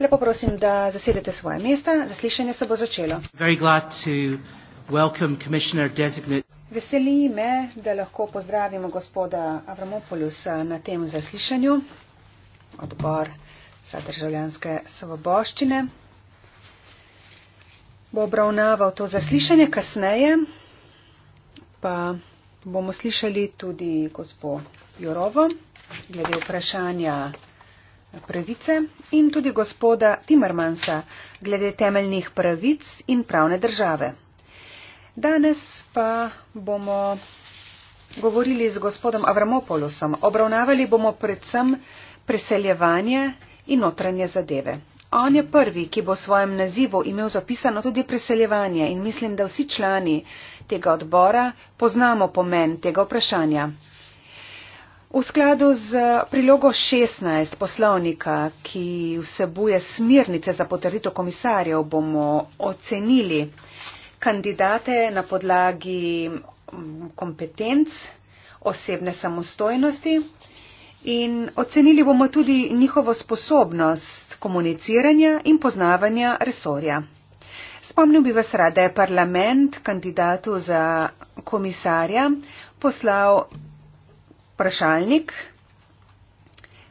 Lepo prosim, da zasedete svoje mesta. Zaslišanje se bo začelo. Veseli me, da lahko pozdravimo gospoda Avramopolusa eh, na tem zaslišanju, odbor za državljanske svoboščine. Bo obravnaval to zaslišanje kasneje, pa bomo slišali tudi gospod Jurovo glede vprašanja pravice in tudi gospoda Timmermansa glede temeljnih pravic in pravne države. Danes pa bomo govorili z gospodom Avramopolosom. Obravnavali bomo predvsem preseljevanje in notranje zadeve. On je prvi, ki bo v svojem nazivu imel zapisano tudi preseljevanje in mislim, da vsi člani tega odbora poznamo pomen tega vprašanja. V skladu z prilogo 16 poslovnika, ki vsebuje smirnice za potrditev komisarjev, bomo ocenili kandidate na podlagi mm, kompetenc, osebne samostojnosti in ocenili bomo tudi njihovo sposobnost komuniciranja in poznavanja resorja. Spomnil bi vas rad, da je parlament kandidatu za komisarja poslal vprašalnik,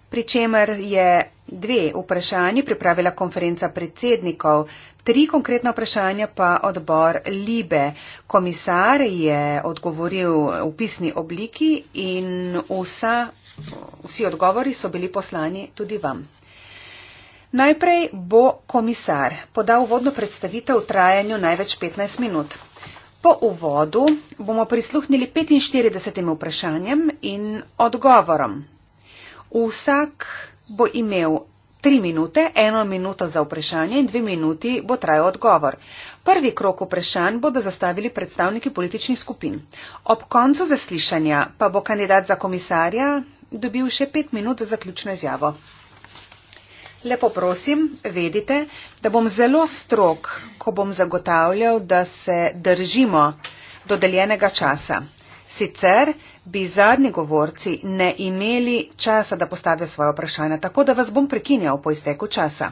pri čemer je dve vprašanji pripravila konferenca predsednikov, tri konkretna vprašanja pa odbor Libe. Komisar je odgovoril v pisni obliki in vsa, vsi odgovori so bili poslani tudi vam. Najprej bo komisar podal vodno predstavitev v trajanju največ 15 minut. Po uvodu bomo prisluhnili 45 vprašanjem in odgovorom. Vsak bo imel 3 minute, 1 minuto za vprašanje in 2 minuti bo trajal odgovor. Prvi krok vprašanj bodo zastavili predstavniki političnih skupin. Ob koncu zaslišanja pa bo kandidat za komisarja dobil še 5 minut za zaključno izjavo. Lepo prosim, vedite, da bom zelo strok, ko bom zagotavljal, da se držimo dodeljenega časa. Sicer bi zadnji govorci ne imeli časa, da postavijo svoje vprašanja, tako da vas bom prekinjal po izteku časa.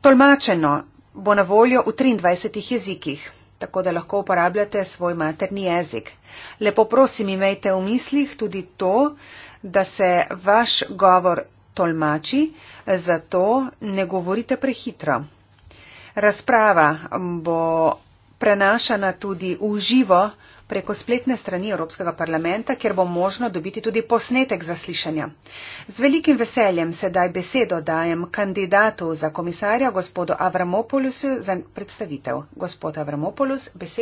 Tolmačeno bo na voljo v 23 jezikih, tako da lahko uporabljate svoj materni jezik. Lepo prosim, imejte v mislih tudi to, da se vaš govor tolmači, zato ne govorite prehitro. Razprava bo prenašana tudi v živo preko spletne strani Evropskega parlamenta, kjer bo možno dobiti tudi posnetek zaslišanja. Z velikim veseljem sedaj besedo dajem kandidatu za komisarja, gospodu Avramopolusu, za predstavitev. Gospod Avramopolus, besedo.